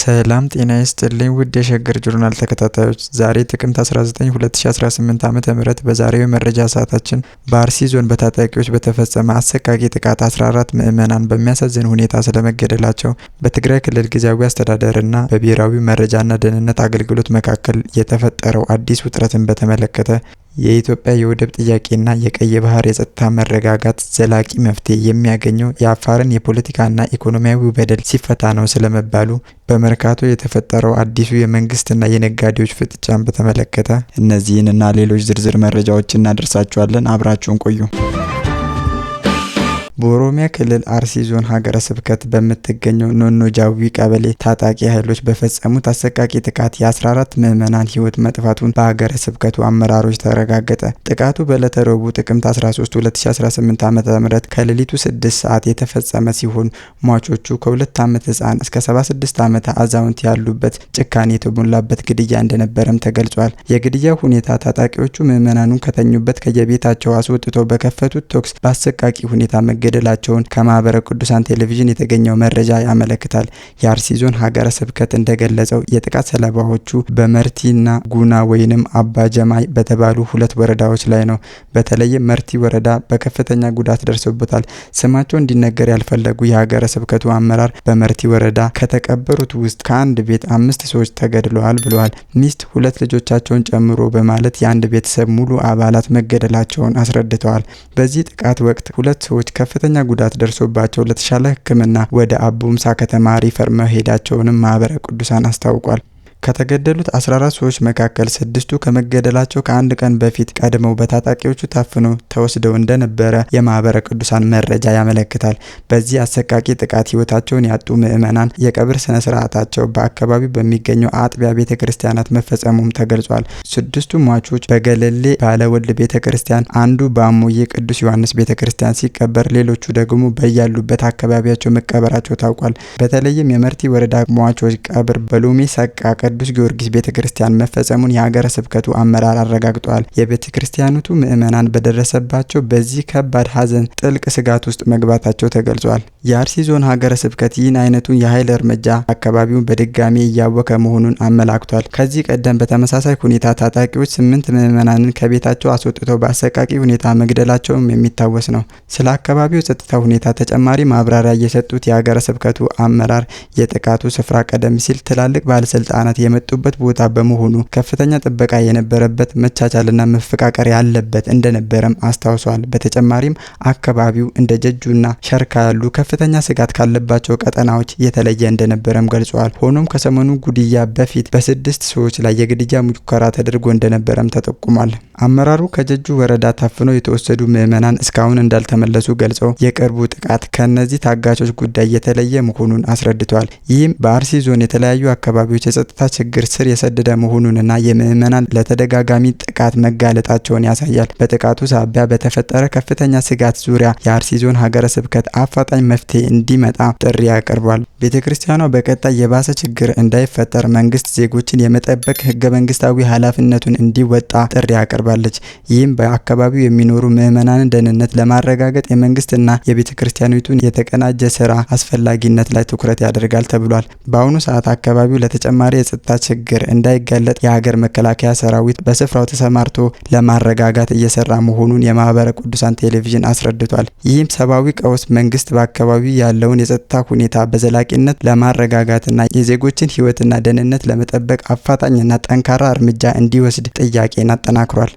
ሰላም ጤና ይስጥልኝ ውድ የሸገር ጆርናል ተከታታዮች፣ ዛሬ ጥቅምት 19 2018 ዓ ም በዛሬው የመረጃ ሰዓታችን በአርሲ ዞን በታጣቂዎች በተፈጸመ አሰቃቂ ጥቃት 14 ምዕመናን በሚያሳዝን ሁኔታ ስለመገደላቸው፣ በትግራይ ክልል ጊዜያዊ አስተዳደርና በብሔራዊ መረጃና ደህንነት አገልግሎት መካከል የተፈጠረው አዲስ ውጥረትን በተመለከተ የኢትዮጵያ የወደብ ጥያቄና የቀይ ባህር የጸጥታ መረጋጋት ዘላቂ መፍትሄ የሚያገኘው የአፋርን የፖለቲካና ኢኮኖሚያዊ በደል ሲፈታ ነው ስለመባሉ፣ በመርካቶ የተፈጠረው አዲሱ የመንግስትና የነጋዴዎች ፍጥጫን በተመለከተ እና ሌሎች ዝርዝር መረጃዎች እናደርሳችኋለን። አብራችሁን ቆዩ። በኦሮሚያ ክልል አርሲ ዞን ሀገረ ስብከት በምትገኘው ኖኖ ጃዊ ቀበሌ ታጣቂ ኃይሎች በፈጸሙት አሰቃቂ ጥቃት የ14 ምዕመናን ሕይወት መጥፋቱን በሀገረ ስብከቱ አመራሮች ተረጋገጠ። ጥቃቱ በዕለተ ረቡዕ ጥቅምት 13 2018 ዓ ም ከሌሊቱ 6 ሰዓት የተፈጸመ ሲሆን ሟቾቹ ከሁለት ዓመት ህፃን እስከ 76 ዓመት አዛውንት ያሉበት ጭካኔ የተሞላበት ግድያ እንደነበረም ተገልጿል። የግድያ ሁኔታ ታጣቂዎቹ ምዕመናኑን ከተኙበት ከየቤታቸው አስወጥተው በከፈቱት ተኩስ በአሰቃቂ ሁኔታ መገ መገደላቸውን ከማህበረ ቅዱሳን ቴሌቪዥን የተገኘው መረጃ ያመለክታል። የአርሲ ዞን ሀገረ ስብከት እንደገለጸው የጥቃት ሰለባዎቹ በመርቲና ጉና ወይንም አባ ጀማይ በተባሉ ሁለት ወረዳዎች ላይ ነው። በተለይም መርቲ ወረዳ በከፍተኛ ጉዳት ደርሶበታል። ስማቸው እንዲነገር ያልፈለጉ የሀገረ ስብከቱ አመራር በመርቲ ወረዳ ከተቀበሩት ውስጥ ከአንድ ቤት አምስት ሰዎች ተገድለዋል ብለዋል። ሚስት ሁለት ልጆቻቸውን ጨምሮ በማለት የአንድ ቤተሰብ ሙሉ አባላት መገደላቸውን አስረድተዋል። በዚህ ጥቃት ወቅት ሁለት ሰዎች ከፍ ከፍተኛ ጉዳት ደርሶባቸው ለተሻለ ሕክምና ወደ አቦምሳ ከተማ ሪፈር መሄዳቸውንም ማህበረ ቅዱሳን አስታውቋል። ከተገደሉት 14 ሰዎች መካከል ስድስቱ ከመገደላቸው ከአንድ ቀን በፊት ቀድመው በታጣቂዎቹ ታፍኖ ተወስደው እንደነበረ የማህበረ ቅዱሳን መረጃ ያመለክታል። በዚህ አሰቃቂ ጥቃት ህይወታቸውን ያጡ ምዕመናን የቀብር ስነ ስርዓታቸው በአካባቢው በሚገኘው አጥቢያ ቤተ ክርስቲያናት መፈጸሙም ተገልጿል። ስድስቱ ሟቾች በገለሌ ባለወልድ ቤተ ክርስቲያን፣ አንዱ በአሞዬ ቅዱስ ዮሐንስ ቤተ ክርስቲያን ሲቀበር፣ ሌሎቹ ደግሞ በያሉበት አካባቢያቸው መቀበራቸው ታውቋል። በተለይም የመርቲ ወረዳ ሟቾች ቀብር በሎሚ ሰቃ ቅዱስ ጊዮርጊስ ቤተ ክርስቲያን መፈጸሙን የሀገረ ስብከቱ አመራር አረጋግጧል። የቤተ ክርስቲያኒቱ ምዕመናን በደረሰባቸው በዚህ ከባድ ሀዘን ጥልቅ ስጋት ውስጥ መግባታቸው ተገልጿል። የአርሲ ዞን ሀገረ ስብከት ይህን አይነቱን የኃይል እርምጃ አካባቢውን በድጋሚ እያወከ መሆኑን አመላክቷል። ከዚህ ቀደም በተመሳሳይ ሁኔታ ታጣቂዎች ስምንት ምዕመናንን ከቤታቸው አስወጥተው በአሰቃቂ ሁኔታ መግደላቸውም የሚታወስ ነው። ስለ አካባቢው ጸጥታ ሁኔታ ተጨማሪ ማብራሪያ የሰጡት የሀገረ ስብከቱ አመራር የጥቃቱ ስፍራ ቀደም ሲል ትላልቅ ባለስልጣናት የመጡበት ቦታ በመሆኑ ከፍተኛ ጥበቃ የነበረበት መቻቻልና መፈቃቀር ያለበት እንደነበረም አስታውሷል። በተጨማሪም አካባቢው እንደ ጀጁና ሸርካ ያሉ ከፍተኛ ስጋት ካለባቸው ቀጠናዎች የተለየ እንደነበረም ገልጿል። ሆኖም ከሰሞኑ ጉድያ በፊት በስድስት ሰዎች ላይ የግድያ ሙከራ ተደርጎ እንደነበረም ተጠቁሟል። አመራሩ ከጀጁ ወረዳ ታፍነው የተወሰዱ ምዕመናን እስካሁን እንዳልተመለሱ ገልጸው የቅርቡ ጥቃት ከእነዚህ ታጋቾች ጉዳይ የተለየ መሆኑን አስረድቷል። ይህም በአርሲ ዞን የተለያዩ አካባቢዎች የጸጥታ ችግር ስር የሰደደ መሆኑንና የምዕመናን ለተደጋጋሚ ጥቃት መጋለጣቸውን ያሳያል። በጥቃቱ ሳቢያ በተፈጠረ ከፍተኛ ስጋት ዙሪያ የአርሲ ዞን ሀገረ ስብከት አፋጣኝ መፍትሄ እንዲመጣ ጥሪ አቅርቧል። ቤተ ክርስቲያኗ በቀጣይ የባሰ ችግር እንዳይፈጠር መንግስት ዜጎችን የመጠበቅ ህገ መንግስታዊ ኃላፊነቱን እንዲወጣ ጥሪ ያቀርባለች። ይህም በአካባቢው የሚኖሩ ምዕመናንን ደህንነት ለማረጋገጥ የመንግስትና የቤተ ክርስቲያኒቱን የተቀናጀ ስራ አስፈላጊነት ላይ ትኩረት ያደርጋል ተብሏል። በአሁኑ ሰዓት አካባቢው ለተጨማሪ የጸጥታ ችግር እንዳይጋለጥ የሀገር መከላከያ ሰራዊት በስፍራው ተሰማርቶ ለማረጋጋት እየሰራ መሆኑን የማህበረ ቅዱሳን ቴሌቪዥን አስረድቷል። ይህም ሰብአዊ ቀውስ መንግስት በአካባቢው ያለውን የጸጥታ ሁኔታ በዘላቂነት ለማረጋጋትና የዜጎችን ህይወትና ደህንነት ለመጠበቅ አፋጣኝና ጠንካራ እርምጃ እንዲወስድ ጥያቄን አጠናክሯል።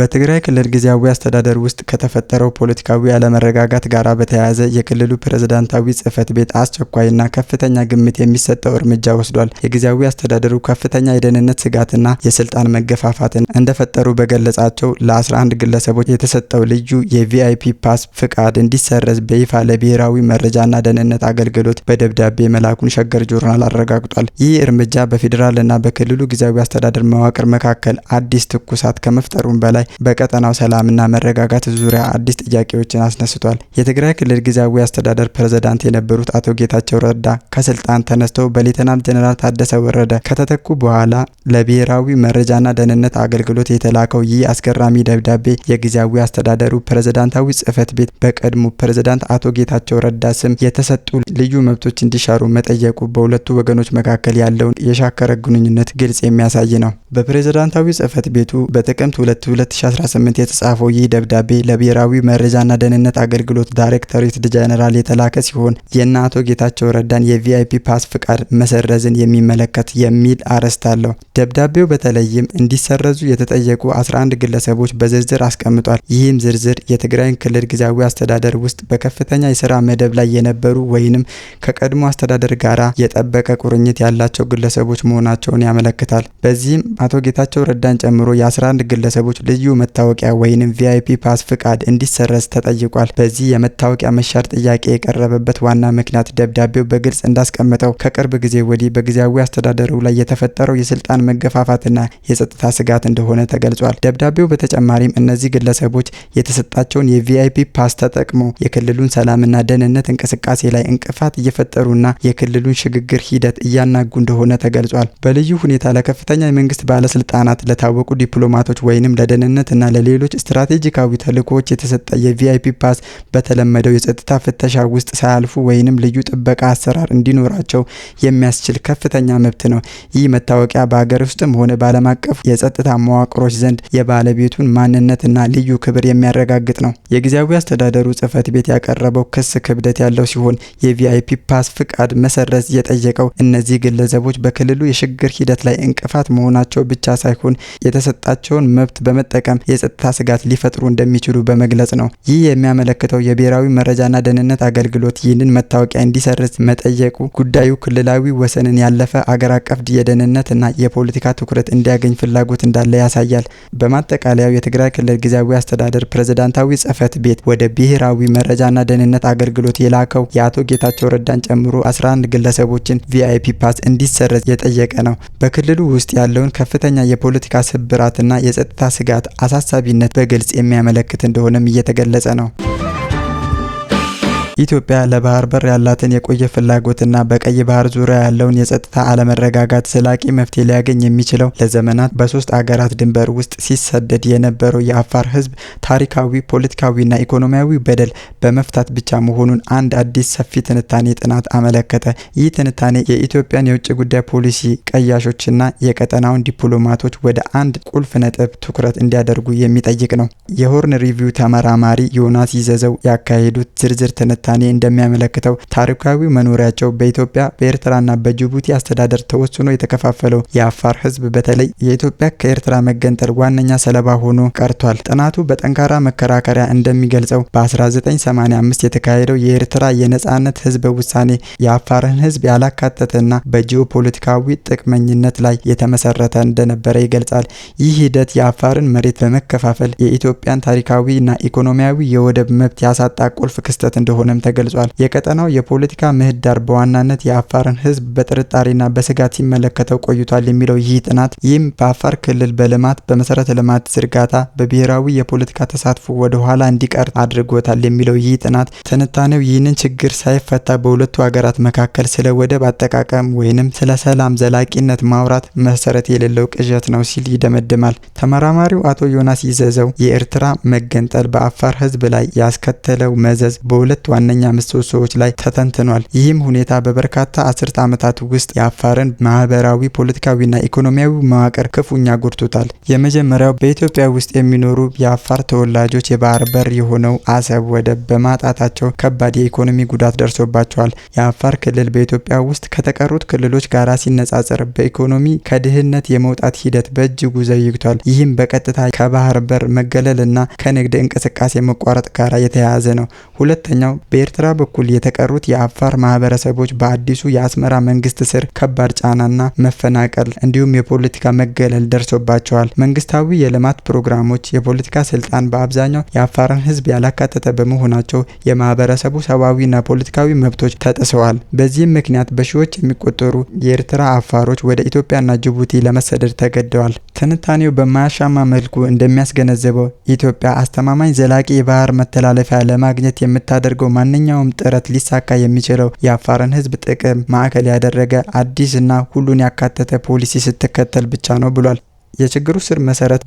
በትግራይ ክልል ጊዜያዊ አስተዳደር ውስጥ ከተፈጠረው ፖለቲካዊ አለመረጋጋት ጋር በተያያዘ የክልሉ ፕሬዝዳንታዊ ጽህፈት ቤት አስቸኳይና ከፍተኛ ግምት የሚሰጠው እርምጃ ወስዷል። የጊዜያዊ አስተዳደሩ ከፍተኛ የደህንነት ስጋትና የስልጣን መገፋፋትን እንደፈጠሩ በገለጻቸው ለ11 ግለሰቦች የተሰጠው ልዩ የቪአይፒ ፓስ ፍቃድ እንዲሰረዝ በይፋ ለብሔራዊ መረጃና ደህንነት አገልግሎት በደብዳቤ መላኩን ሸገር ጆርናል አረጋግጧል። ይህ እርምጃ በፌዴራልና በክልሉ ጊዜያዊ አስተዳደር መዋቅር መካከል አዲስ ትኩሳት ከመፍጠሩም በላይ በቀጠናው ሰላምና መረጋጋት ዙሪያ አዲስ ጥያቄዎችን አስነስቷል። የትግራይ ክልል ጊዜያዊ አስተዳደር ፕሬዝዳንት የነበሩት አቶ ጌታቸው ረዳ ከስልጣን ተነስተው በሌተናንት ጀነራል ታደሰ ወረደ ከተተኩ በኋላ ለብሔራዊ መረጃና ደህንነት አገልግሎት የተላከው ይህ አስገራሚ ደብዳቤ የጊዜያዊ አስተዳደሩ ፕሬዝዳንታዊ ጽህፈት ቤት በቀድሞ ፕሬዝዳንት አቶ ጌታቸው ረዳ ስም የተሰጡ ልዩ መብቶች እንዲሻሩ መጠየቁ በሁለቱ ወገኖች መካከል ያለውን የሻከረ ግንኙነት ግልጽ የሚያሳይ ነው። በፕሬዝዳንታዊ ጽህፈት ቤቱ በጥቅምት 2 2018 የተጻፈው ይህ ደብዳቤ ለብሔራዊ መረጃና ደህንነት አገልግሎት ዳይሬክቶሬት ጀነራል የተላከ ሲሆን የእነ አቶ ጌታቸው ረዳን የቪአይፒ ፓስ ፍቃድ መሰረዝን የሚመለከት የሚል አርዕስት አለው። ደብዳቤው በተለይም እንዲሰረዙ የተጠየቁ 11 ግለሰቦች በዝርዝር አስቀምጧል። ይህም ዝርዝር የትግራይን ክልል ጊዜያዊ አስተዳደር ውስጥ በከፍተኛ የስራ መደብ ላይ የነበሩ ወይንም ከቀድሞ አስተዳደር ጋር የጠበቀ ቁርኝት ያላቸው ግለሰቦች መሆናቸውን ያመለክታል። በዚህም አቶ ጌታቸው ረዳን ጨምሮ የ11 ግለሰቦች ልዩ ልዩ መታወቂያ ወይንም ቪአይፒ ፓስ ፍቃድ እንዲሰረዝ ተጠይቋል። በዚህ የመታወቂያ መሻር ጥያቄ የቀረበበት ዋና ምክንያት ደብዳቤው በግልጽ እንዳስቀመጠው ከቅርብ ጊዜ ወዲህ በጊዜያዊ አስተዳደሩ ላይ የተፈጠረው የስልጣን መገፋፋትና የጸጥታ ስጋት እንደሆነ ተገልጿል። ደብዳቤው በተጨማሪም እነዚህ ግለሰቦች የተሰጣቸውን የቪአይፒ ፓስ ተጠቅሞ የክልሉን ሰላምና ደህንነት እንቅስቃሴ ላይ እንቅፋት እየፈጠሩና የክልሉን ሽግግር ሂደት እያናጉ እንደሆነ ተገልጿል። በልዩ ሁኔታ ለከፍተኛ የመንግስት ባለስልጣናት፣ ለታወቁ ዲፕሎማቶች ወይንም ለደህንነት ደህንነት እና ለሌሎች ስትራቴጂካዊ ተልእኮዎች የተሰጠ የቪአይፒ ፓስ በተለመደው የጸጥታ ፍተሻ ውስጥ ሳያልፉ ወይንም ልዩ ጥበቃ አሰራር እንዲኖራቸው የሚያስችል ከፍተኛ መብት ነው። ይህ መታወቂያ በሀገር ውስጥም ሆነ በዓለም አቀፍ የጸጥታ መዋቅሮች ዘንድ የባለቤቱን ማንነት እና ልዩ ክብር የሚያረጋግጥ ነው። የጊዜያዊ አስተዳደሩ ጽህፈት ቤት ያቀረበው ክስ ክብደት ያለው ሲሆን የቪአይፒ ፓስ ፍቃድ መሰረዝ የጠየቀው እነዚህ ግለሰቦች በክልሉ የሽግግር ሂደት ላይ እንቅፋት መሆናቸው ብቻ ሳይሆን የተሰጣቸውን መብት በመጠቀም በመጠቀም የጸጥታ ስጋት ሊፈጥሩ እንደሚችሉ በመግለጽ ነው። ይህ የሚያመለክተው የብሔራዊ መረጃና ደህንነት አገልግሎት ይህንን መታወቂያ እንዲሰርዝ መጠየቁ ጉዳዩ ክልላዊ ወሰንን ያለፈ አገር አቀፍ የደህንነት እና የፖለቲካ ትኩረት እንዲያገኝ ፍላጎት እንዳለ ያሳያል። በማጠቃለያው የትግራይ ክልል ጊዜያዊ አስተዳደር ፕሬዝዳንታዊ ጽህፈት ቤት ወደ ብሔራዊ መረጃና ደህንነት አገልግሎት የላከው የአቶ ጌታቸው ረዳን ጨምሮ 11 ግለሰቦችን ቪአይፒ ፓስ እንዲሰረዝ የጠየቀ ነው። በክልሉ ውስጥ ያለውን ከፍተኛ የፖለቲካ ስብራትና የጸጥታ ስጋት አሳሳቢነት በግልጽ የሚያመለክት እንደሆነም እየተገለጸ ነው። ኢትዮጵያ ለባህር በር ያላትን የቆየ ፍላጎትና በቀይ ባህር ዙሪያ ያለውን የጸጥታ አለመረጋጋት ዘላቂ መፍትሄ ሊያገኝ የሚችለው ለዘመናት በሶስት አገራት ድንበር ውስጥ ሲሰደድ የነበረው የአፋር ህዝብ ታሪካዊ፣ ፖለቲካዊና ኢኮኖሚያዊ በደል በመፍታት ብቻ መሆኑን አንድ አዲስ ሰፊ ትንታኔ ጥናት አመለከተ። ይህ ትንታኔ የኢትዮጵያን የውጭ ጉዳይ ፖሊሲ ቀያሾችና የቀጠናውን ዲፕሎማቶች ወደ አንድ ቁልፍ ነጥብ ትኩረት እንዲያደርጉ የሚጠይቅ ነው። የሆርን ሪቪው ተመራማሪ ዮናስ ይዘዘው ያካሄዱት ዝርዝር ትንታኔ ትንታኔ እንደሚያመለክተው ታሪካዊ መኖሪያቸው በኢትዮጵያ በኤርትራና በጅቡቲ አስተዳደር ተወስኖ የተከፋፈለው የአፋር ህዝብ በተለይ የኢትዮጵያ ከኤርትራ መገንጠል ዋነኛ ሰለባ ሆኖ ቀርቷል። ጥናቱ በጠንካራ መከራከሪያ እንደሚገልጸው በ1985 የተካሄደው የኤርትራ የነጻነት ህዝብ ውሳኔ የአፋርን ህዝብ ያላካተተና በጂኦፖለቲካዊ ጥቅመኝነት ላይ የተመሰረተ እንደነበረ ይገልጻል። ይህ ሂደት የአፋርን መሬት በመከፋፈል የኢትዮጵያን ታሪካዊና ኢኮኖሚያዊ የወደብ መብት ያሳጣ ቁልፍ ክስተት እንደሆነም መሆኑም ተገልጿል። የቀጠናው የፖለቲካ ምህዳር በዋናነት የአፋርን ህዝብ በጥርጣሬና በስጋት ሲመለከተው ቆይቷል የሚለው ይህ ጥናት ይህም በአፋር ክልል በልማት በመሰረተ ልማት ዝርጋታ በብሔራዊ የፖለቲካ ተሳትፎ ወደ ኋላ እንዲቀር አድርጎታል የሚለው ይህ ጥናት ትንታኔው ይህንን ችግር ሳይፈታ በሁለቱ ሀገራት መካከል ስለ ወደብ አጠቃቀም ወይንም ስለ ሰላም ዘላቂነት ማውራት መሰረት የሌለው ቅዠት ነው ሲል ይደመድማል። ተመራማሪው አቶ ዮናስ ይዘዘው የኤርትራ መገንጠል በአፋር ህዝብ ላይ ያስከተለው መዘዝ በሁለት ዋና ዋነኛ ምሰሶዎች ላይ ተተንትኗል። ይህም ሁኔታ በበርካታ አስርተ ዓመታት ውስጥ የአፋርን ማህበራዊ ፖለቲካዊና ኢኮኖሚያዊ መዋቅር ክፉኛ ጎድቶታል። የመጀመሪያው በኢትዮጵያ ውስጥ የሚኖሩ የአፋር ተወላጆች የባህር በር የሆነው አሰብ ወደብ በማጣታቸው ከባድ የኢኮኖሚ ጉዳት ደርሶባቸዋል። የአፋር ክልል በኢትዮጵያ ውስጥ ከተቀሩት ክልሎች ጋር ሲነጻጸር በኢኮኖሚ ከድህነት የመውጣት ሂደት በእጅጉ ዘይግቷል። ይህም በቀጥታ ከባህር በር መገለልና ከንግድ እንቅስቃሴ መቋረጥ ጋር የተያያዘ ነው። ሁለተኛው በኤርትራ በኩል የተቀሩት የአፋር ማህበረሰቦች በአዲሱ የአስመራ መንግስት ስር ከባድ ጫናና መፈናቀል እንዲሁም የፖለቲካ መገለል ደርሶባቸዋል። መንግስታዊ የልማት ፕሮግራሞች የፖለቲካ ስልጣን በአብዛኛው የአፋርን ህዝብ ያላካተተ በመሆናቸው የማህበረሰቡ ሰብአዊና ፖለቲካዊ መብቶች ተጥሰዋል። በዚህም ምክንያት በሺዎች የሚቆጠሩ የኤርትራ አፋሮች ወደ ኢትዮጵያና ጅቡቲ ለመሰደድ ተገደዋል። ትንታኔው በማያሻማ መልኩ እንደሚያስገነዘበው ኢትዮጵያ አስተማማኝ ዘላቂ የባህር መተላለፊያ ለማግኘት የምታደርገው ማንኛውም ጥረት ሊሳካ የሚችለው የአፋርን ህዝብ ጥቅም ማዕከል ያደረገ አዲስ እና ሁሉን ያካተተ ፖሊሲ ስትከተል ብቻ ነው ብሏል። የችግሩ ስር መሰረት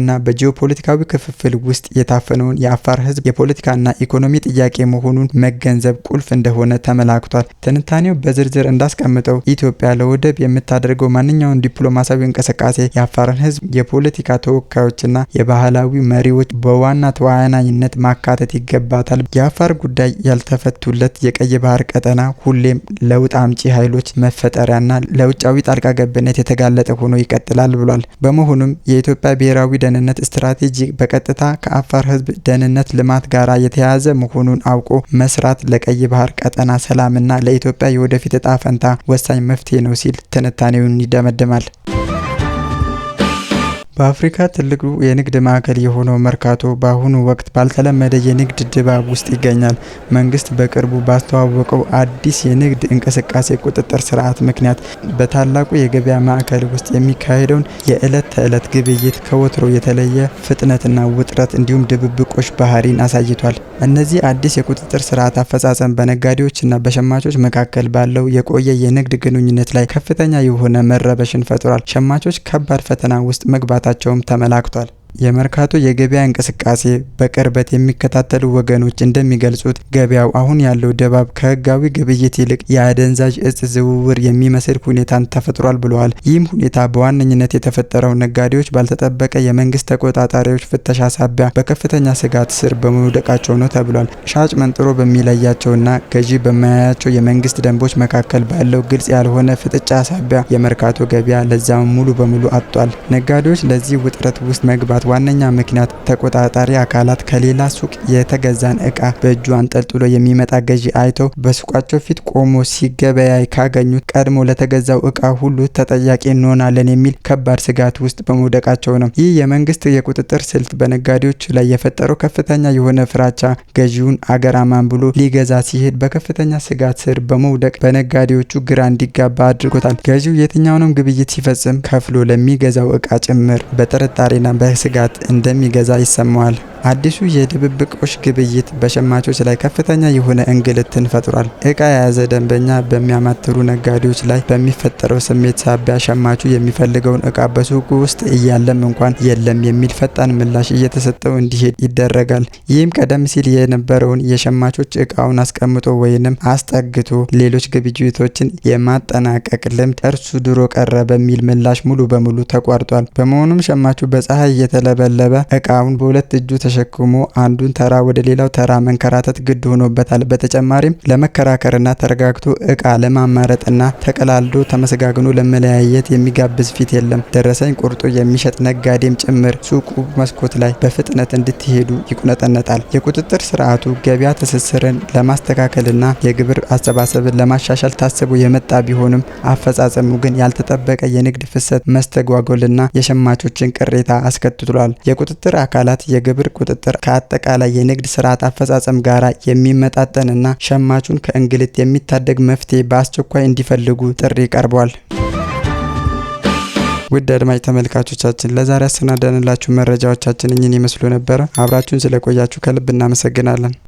እና በጂኦፖለቲካዊ ክፍፍል ውስጥ የታፈነውን የአፋር ሕዝብ የፖለቲካና ኢኮኖሚ ጥያቄ መሆኑን መገንዘብ ቁልፍ እንደሆነ ተመላክቷል። ትንታኔው በዝርዝር እንዳስቀምጠው ኢትዮጵያ ለወደብ የምታደርገው ማንኛውም ዲፕሎማሲያዊ እንቅስቃሴ የአፋርን ህዝብ፣ የፖለቲካ ተወካዮችና የባህላዊ መሪዎች በዋና ተዋናኝነት ማካተት ይገባታል። የአፋር ጉዳይ ያልተፈቱለት የቀይ ባህር ቀጠና ሁሌም ለውጥ አምጪ ኃይሎች መፈጠሪያና ለውጫዊ ጣልቃ ገብነት የተጋለጠ ሆኖ ይቀጥላል ብሏል። በመሆኑም የኢትዮጵያ ብሔራዊ ደህንነት ስትራቴጂ በቀጥታ ከአፋር ህዝብ ደህንነት ልማት ጋር የተያያዘ መሆኑን አውቆ መስራት ለቀይ ባህር ቀጠና ሰላምና ለኢትዮጵያ የወደፊት እጣ ፈንታ ወሳኝ መፍትሄ ነው ሲል ትንታኔውን ይደመድማል። በአፍሪካ ትልቁ የንግድ ማዕከል የሆነው መርካቶ በአሁኑ ወቅት ባልተለመደ የንግድ ድባብ ውስጥ ይገኛል። መንግስት በቅርቡ ባስተዋወቀው አዲስ የንግድ እንቅስቃሴ ቁጥጥር ስርዓት ምክንያት በታላቁ የገበያ ማዕከል ውስጥ የሚካሄደውን የዕለት ተዕለት ግብይት ከወትሮ የተለየ ፍጥነትና ውጥረት እንዲሁም ድብብቆች ባህሪን አሳይቷል። እነዚህ አዲስ የቁጥጥር ስርዓት አፈጻጸም በነጋዴዎችና በሸማቾች መካከል ባለው የቆየ የንግድ ግንኙነት ላይ ከፍተኛ የሆነ መረበሽን ፈጥሯል። ሸማቾች ከባድ ፈተና ውስጥ መግባት መግባታቸውም ተመላክቷል። የመርካቶ የገበያ እንቅስቃሴ በቅርበት የሚከታተሉ ወገኖች እንደሚገልጹት ገበያው አሁን ያለው ድባብ ከህጋዊ ግብይት ይልቅ የአደንዛዥ እጽ ዝውውር የሚመስል ሁኔታን ተፈጥሯል ብለዋል። ይህም ሁኔታ በዋነኝነት የተፈጠረው ነጋዴዎች ባልተጠበቀ የመንግስት ተቆጣጣሪዎች ፍተሻ ሳቢያ በከፍተኛ ስጋት ስር በመውደቃቸው ነው ተብሏል። ሻጭ መንጥሮ በሚለያቸውና ገዢ በማያያቸው የመንግስት ደንቦች መካከል ባለው ግልጽ ያልሆነ ፍጥጫ ሳቢያ የመርካቶ ገበያ ለዛም ሙሉ በሙሉ አጥቷል። ነጋዴዎች ለዚህ ውጥረት ውስጥ መግባት መጥፋት ዋነኛ ምክንያት ተቆጣጣሪ አካላት ከሌላ ሱቅ የተገዛን እቃ በእጁ አንጠልጥሎ የሚመጣ ገዢ አይተው በሱቃቸው ፊት ቆሞ ሲገበያይ ካገኙት ቀድሞ ለተገዛው እቃ ሁሉ ተጠያቂ እንሆናለን የሚል ከባድ ስጋት ውስጥ በመውደቃቸው ነው። ይህ የመንግስት የቁጥጥር ስልት በነጋዴዎች ላይ የፈጠረው ከፍተኛ የሆነ ፍራቻ ገዢውን አገራማን ብሎ ሊገዛ ሲሄድ በከፍተኛ ስጋት ስር በመውደቅ በነጋዴዎቹ ግራ እንዲጋባ አድርጎታል። ገዢው የትኛውንም ግብይት ሲፈጽም ከፍሎ ለሚገዛው እቃ ጭምር በጥርጣሬና በስጋ ስጋት እንደሚገዛ ይሰማዋል። አዲሱ የድብብቆሽ ግብይት በሸማቾች ላይ ከፍተኛ የሆነ እንግልትን ፈጥሯል። እቃ የያዘ ደንበኛ በሚያማትሩ ነጋዴዎች ላይ በሚፈጠረው ስሜት ሳቢያ ሸማቹ የሚፈልገውን እቃ በሱቁ ውስጥ እያለም እንኳን የለም የሚል ፈጣን ምላሽ እየተሰጠው እንዲሄድ ይደረጋል። ይህም ቀደም ሲል የነበረውን የሸማቾች እቃውን አስቀምጦ ወይንም አስጠግቶ ሌሎች ግብይቶችን የማጠናቀቅ ልምድ እርሱ ድሮ ቀረ በሚል ምላሽ ሙሉ በሙሉ ተቋርጧል። በመሆኑም ሸማቹ በፀሐይ እየተለበለበ እቃውን በሁለት እጁ ተሸክሞ አንዱን ተራ ወደ ሌላው ተራ መንከራተት ግድ ሆኖበታል። በተጨማሪም ለመከራከርና ተረጋግቶ እቃ ለማማረጥና ተቀላልዶ ተመስጋግኖ ለመለያየት የሚጋብዝ ፊት የለም። ደረሰኝ ቁርጦ የሚሸጥ ነጋዴም ጭምር ሱቁ መስኮት ላይ በፍጥነት እንድትሄዱ ይቁነጠነጣል። የቁጥጥር ስርዓቱ ገበያ ትስስርን ለማስተካከልና የግብር አሰባሰብን ለማሻሻል ታስቦ የመጣ ቢሆንም አፈጻጸሙ ግን ያልተጠበቀ የንግድ ፍሰት መስተጓጎልና የሸማቾችን ቅሬታ አስከትሏል። የቁጥጥር አካላት የግብር ቁጥጥር ከአጠቃላይ የንግድ ስርዓት አፈጻጸም ጋር የሚመጣጠንና ሸማቹን ከእንግልት የሚታደግ መፍትሄ በአስቸኳይ እንዲፈልጉ ጥሪ ቀርቧል። ውድ አድማጭ ተመልካቾቻችን ለዛሬ አሰናዳንላችሁ መረጃዎቻችን እኝን ይመስሉ ነበረ። አብራችሁን ስለቆያችሁ ከልብ እናመሰግናለን።